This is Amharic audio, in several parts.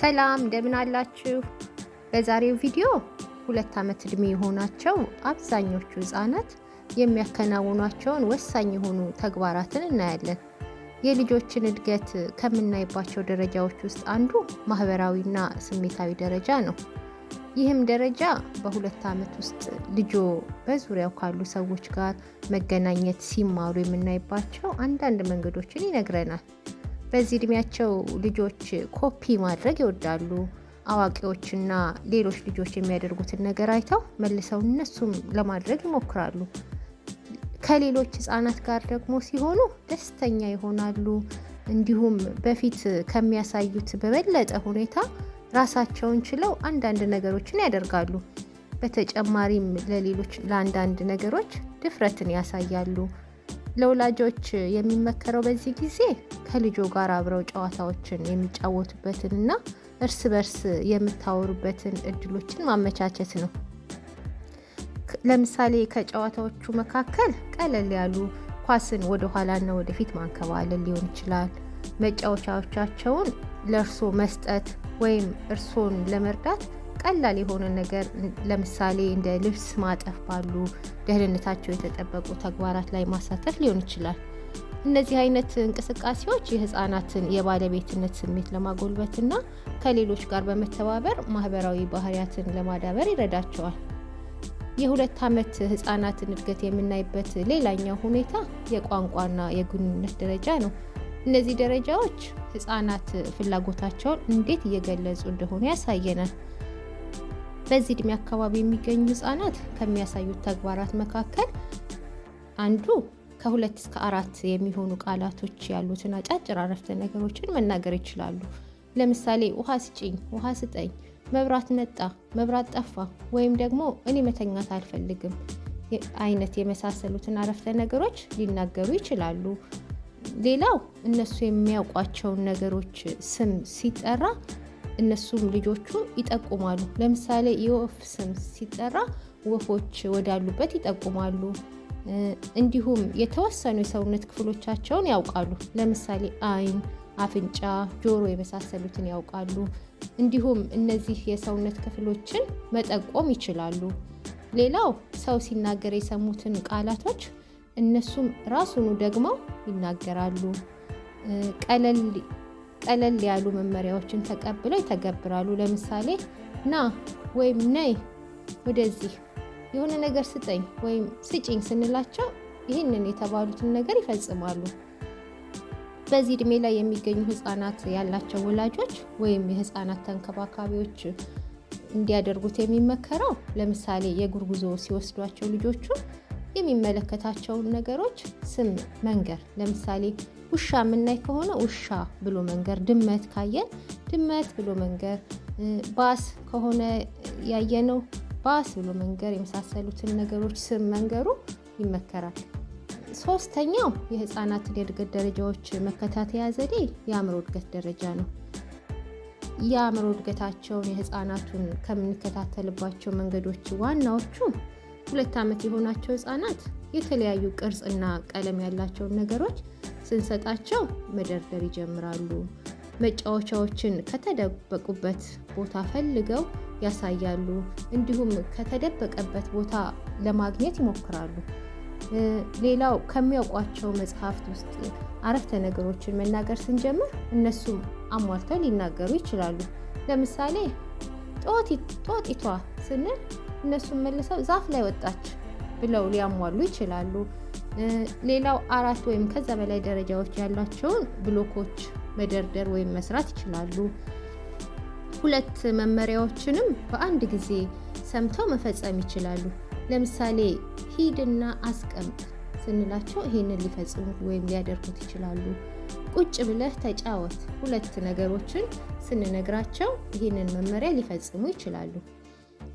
ሰላም እንደምን አላችሁ? በዛሬው ቪዲዮ ሁለት ዓመት ዕድሜ የሆናቸው አብዛኞቹ ህጻናት የሚያከናውኗቸውን ወሳኝ የሆኑ ተግባራትን እናያለን። የልጆችን እድገት ከምናይባቸው ደረጃዎች ውስጥ አንዱ ማህበራዊና ስሜታዊ ደረጃ ነው። ይህም ደረጃ በሁለት ዓመት ውስጥ ልጆ በዙሪያው ካሉ ሰዎች ጋር መገናኘት ሲማሩ የምናይባቸው አንዳንድ መንገዶችን ይነግረናል። በዚህ እድሜያቸው ልጆች ኮፒ ማድረግ ይወዳሉ። አዋቂዎችና ሌሎች ልጆች የሚያደርጉትን ነገር አይተው መልሰው እነሱም ለማድረግ ይሞክራሉ። ከሌሎች ህጻናት ጋር ደግሞ ሲሆኑ ደስተኛ ይሆናሉ። እንዲሁም በፊት ከሚያሳዩት በበለጠ ሁኔታ ራሳቸውን ችለው አንዳንድ ነገሮችን ያደርጋሉ። በተጨማሪም ለሌሎች ለአንዳንድ ነገሮች ድፍረትን ያሳያሉ። ለወላጆች የሚመከረው በዚህ ጊዜ ከልጆ ጋር አብረው ጨዋታዎችን የሚጫወቱበትን እና እርስ በርስ የምታወሩበትን እድሎችን ማመቻቸት ነው። ለምሳሌ ከጨዋታዎቹ መካከል ቀለል ያሉ ኳስን ወደ ኋላና ወደፊት ማንከባለል ሊሆን ይችላል። መጫወቻዎቻቸውን ለእርሶ መስጠት ወይም እርሶን ለመርዳት ቀላል የሆነ ነገር ለምሳሌ እንደ ልብስ ማጠፍ ባሉ ደህንነታቸው የተጠበቁ ተግባራት ላይ ማሳተፍ ሊሆን ይችላል። እነዚህ አይነት እንቅስቃሴዎች የህፃናትን የባለቤትነት ስሜት ለማጎልበት እና ከሌሎች ጋር በመተባበር ማህበራዊ ባህሪያትን ለማዳበር ይረዳቸዋል። የሁለት ዓመት ህፃናትን እድገት የምናይበት ሌላኛው ሁኔታ የቋንቋና የግንኙነት ደረጃ ነው። እነዚህ ደረጃዎች ህፃናት ፍላጎታቸውን እንዴት እየገለጹ እንደሆነ ያሳየናል። በዚህ እድሜ አካባቢ የሚገኙ ህጻናት ከሚያሳዩት ተግባራት መካከል አንዱ ከሁለት እስከ አራት የሚሆኑ ቃላቶች ያሉትን አጫጭር አረፍተ ነገሮችን መናገር ይችላሉ። ለምሳሌ ውሃ ስጭኝ፣ ውሃ ስጠኝ፣ መብራት መጣ፣ መብራት ጠፋ፣ ወይም ደግሞ እኔ መተኛት አልፈልግም አይነት የመሳሰሉትን አረፍተ ነገሮች ሊናገሩ ይችላሉ። ሌላው እነሱ የሚያውቋቸውን ነገሮች ስም ሲጠራ እነሱም ልጆቹ ይጠቁማሉ። ለምሳሌ የወፍ ስም ሲጠራ ወፎች ወዳሉበት ይጠቁማሉ። እንዲሁም የተወሰኑ የሰውነት ክፍሎቻቸውን ያውቃሉ። ለምሳሌ አይን፣ አፍንጫ፣ ጆሮ የመሳሰሉትን ያውቃሉ። እንዲሁም እነዚህ የሰውነት ክፍሎችን መጠቆም ይችላሉ። ሌላው ሰው ሲናገር የሰሙትን ቃላቶች እነሱም ራሱኑ ደግሞ ይናገራሉ። ቀለል ቀለል ያሉ መመሪያዎችን ተቀብለው ይተገብራሉ። ለምሳሌ ና ወይም ነይ፣ ወደዚህ፣ የሆነ ነገር ስጠኝ ወይም ስጭኝ ስንላቸው ይህንን የተባሉትን ነገር ይፈጽማሉ። በዚህ እድሜ ላይ የሚገኙ ህጻናት ያላቸው ወላጆች ወይም የህጻናት ተንከባካቢዎች እንዲያደርጉት የሚመከረው ለምሳሌ የእግር ጉዞ ሲወስዷቸው ልጆቹ የሚመለከታቸውን ነገሮች ስም መንገር ለምሳሌ ውሻ የምናይ ከሆነ ውሻ ብሎ መንገር፣ ድመት ካየን ድመት ብሎ መንገር፣ ባስ ከሆነ ያየነው ባስ ብሎ መንገር የመሳሰሉትን ነገሮች ስም መንገሩ ይመከራል። ሶስተኛው የህፃናትን የእድገት ደረጃዎች መከታተያ ዘዴ የአእምሮ እድገት ደረጃ ነው። የአእምሮ እድገታቸውን የህፃናቱን ከምንከታተልባቸው መንገዶች ዋናዎቹ ሁለት ዓመት የሆናቸው ህፃናት የተለያዩ ቅርጽና ቀለም ያላቸውን ነገሮች ስንሰጣቸው መደርደር ይጀምራሉ። መጫወቻዎችን ከተደበቁበት ቦታ ፈልገው ያሳያሉ። እንዲሁም ከተደበቀበት ቦታ ለማግኘት ይሞክራሉ። ሌላው ከሚያውቋቸው መጽሐፍት ውስጥ አረፍተ ነገሮችን መናገር ስንጀምር እነሱም አሟልተው ሊናገሩ ይችላሉ። ለምሳሌ ጦጢቷ ስንል እነሱም መልሰው ዛፍ ላይ ወጣች ብለው ሊያሟሉ ይችላሉ። ሌላው አራት ወይም ከዛ በላይ ደረጃዎች ያሏቸውን ብሎኮች መደርደር ወይም መስራት ይችላሉ። ሁለት መመሪያዎችንም በአንድ ጊዜ ሰምተው መፈጸም ይችላሉ። ለምሳሌ ሂድና አስቀምጥ ስንላቸው ይህንን ሊፈጽሙት ወይም ሊያደርጉት ይችላሉ። ቁጭ ብለህ ተጫወት፣ ሁለት ነገሮችን ስንነግራቸው ይህንን መመሪያ ሊፈጽሙ ይችላሉ።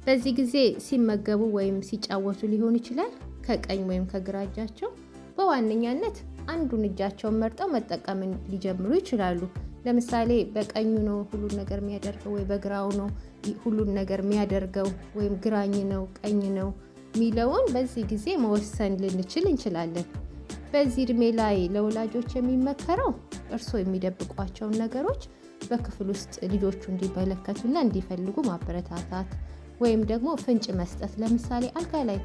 በዚህ ጊዜ ሲመገቡ ወይም ሲጫወቱ ሊሆን ይችላል። ከቀኝ ወይም ከግራ እጃቸው በዋነኛነት አንዱን እጃቸውን መርጠው መጠቀምን ሊጀምሩ ይችላሉ። ለምሳሌ በቀኙ ነው ሁሉን ነገር የሚያደርገው ወይ በግራው ነው ሁሉን ነገር የሚያደርገው ወይም ግራኝ ነው ቀኝ ነው የሚለውን በዚህ ጊዜ መወሰን ልንችል እንችላለን። በዚህ እድሜ ላይ ለወላጆች የሚመከረው እርስዎ የሚደብቋቸውን ነገሮች በክፍል ውስጥ ልጆቹ እንዲመለከቱና እንዲፈልጉ ማበረታታት ወይም ደግሞ ፍንጭ መስጠት ለምሳሌ አልጋ ላይ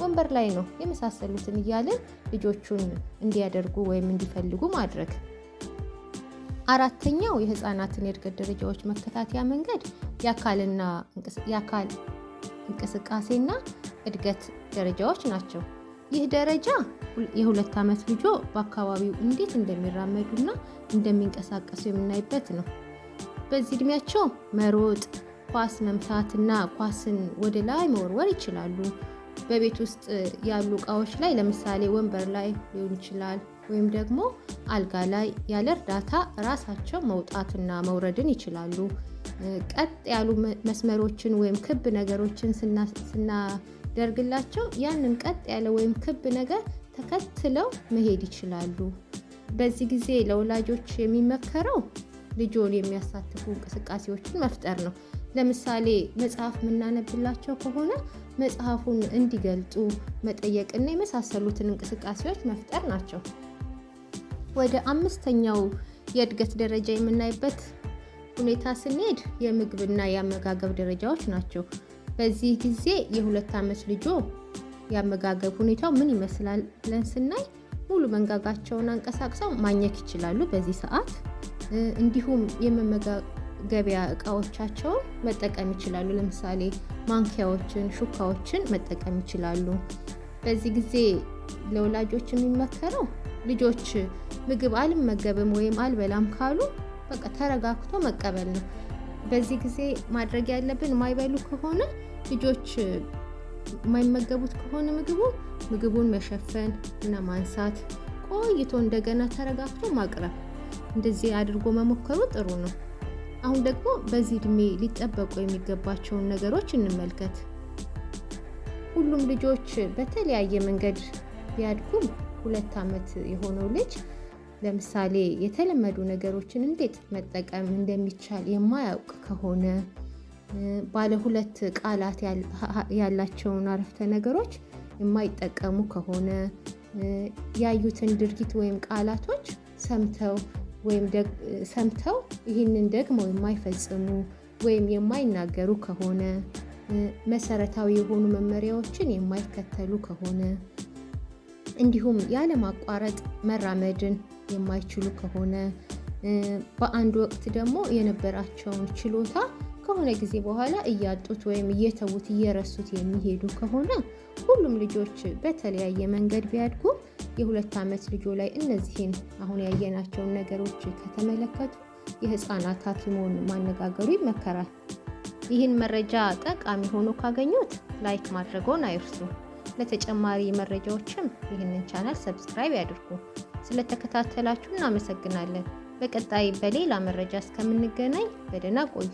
ወንበር ላይ ነው የመሳሰሉትን እያልን ልጆቹን እንዲያደርጉ ወይም እንዲፈልጉ ማድረግ። አራተኛው የህፃናትን የእድገት ደረጃዎች መከታተያ መንገድ የአካልና የአካል እንቅስቃሴና እድገት ደረጃዎች ናቸው። ይህ ደረጃ የሁለት ዓመት ልጆ በአካባቢው እንዴት እንደሚራመዱና እንደሚንቀሳቀሱ የምናይበት ነው። በዚህ እድሜያቸው መሮጥ፣ ኳስ መምታትና ኳስን ወደ ላይ መወርወር ይችላሉ። በቤት ውስጥ ያሉ እቃዎች ላይ ለምሳሌ ወንበር ላይ ሊሆን ይችላል፣ ወይም ደግሞ አልጋ ላይ ያለ እርዳታ ራሳቸው መውጣትና መውረድን ይችላሉ። ቀጥ ያሉ መስመሮችን ወይም ክብ ነገሮችን ስናደርግላቸው ያንን ቀጥ ያለ ወይም ክብ ነገር ተከትለው መሄድ ይችላሉ። በዚህ ጊዜ ለወላጆች የሚመከረው ልጆን የሚያሳትፉ እንቅስቃሴዎችን መፍጠር ነው። ለምሳሌ መጽሐፍ የምናነብላቸው ከሆነ መጽሐፉን እንዲገልጡ መጠየቅና የመሳሰሉትን እንቅስቃሴዎች መፍጠር ናቸው። ወደ አምስተኛው የእድገት ደረጃ የምናይበት ሁኔታ ስንሄድ የምግብና የአመጋገብ ደረጃዎች ናቸው። በዚህ ጊዜ የሁለት ዓመት ልጆ የአመጋገብ ሁኔታው ምን ይመስላል ብለን ስናይ ሙሉ መንጋጋቸውን አንቀሳቅሰው ማኘክ ይችላሉ በዚህ ሰዓት እንዲሁም የመመገቢያ እቃዎቻቸውን መጠቀም ይችላሉ። ለምሳሌ ማንኪያዎችን፣ ሹካዎችን መጠቀም ይችላሉ። በዚህ ጊዜ ለወላጆች የሚመከረው ልጆች ምግብ አልመገብም ወይም አልበላም ካሉ በቃ ተረጋግቶ መቀበል ነው። በዚህ ጊዜ ማድረግ ያለብን የማይበሉ ከሆነ ልጆች የማይመገቡት ከሆነ ምግቡ ምግቡን መሸፈን እና ማንሳት ቆይቶ እንደገና ተረጋግቶ ማቅረብ እንደዚህ አድርጎ መሞከሩ ጥሩ ነው። አሁን ደግሞ በዚህ እድሜ ሊጠበቁ የሚገባቸውን ነገሮች እንመልከት። ሁሉም ልጆች በተለያየ መንገድ ቢያድጉም ሁለት ዓመት የሆነው ልጅ ለምሳሌ የተለመዱ ነገሮችን እንዴት መጠቀም እንደሚቻል የማያውቅ ከሆነ ባለ ሁለት ቃላት ያላቸውን አረፍተ ነገሮች የማይጠቀሙ ከሆነ ያዩትን ድርጊት ወይም ቃላቶች ሰምተው ወይም ሰምተው ይህንን ደግሞ የማይፈጽሙ ወይም የማይናገሩ ከሆነ መሰረታዊ የሆኑ መመሪያዎችን የማይከተሉ ከሆነ እንዲሁም ያለማቋረጥ መራመድን የማይችሉ ከሆነ በአንድ ወቅት ደግሞ የነበራቸውን ችሎታ ከሆነ ጊዜ በኋላ እያጡት ወይም እየተዉት እየረሱት የሚሄዱ ከሆነ ሁሉም ልጆች በተለያየ መንገድ ቢያድጉ የሁለት ዓመት ልጆ ላይ እነዚህን አሁን ያየናቸውን ነገሮች ከተመለከቱ የህፃናት ሐኪሞን ማነጋገሩ ይመከራል። ይህን መረጃ ጠቃሚ ሆኖ ካገኙት ላይክ ማድረጎን አይርሱ። ለተጨማሪ መረጃዎችም ይህንን ቻናል ሰብስክራይብ ያድርጉ። ስለተከታተላችሁ እናመሰግናለን። በቀጣይ በሌላ መረጃ እስከምንገናኝ በደህና ቆዩ።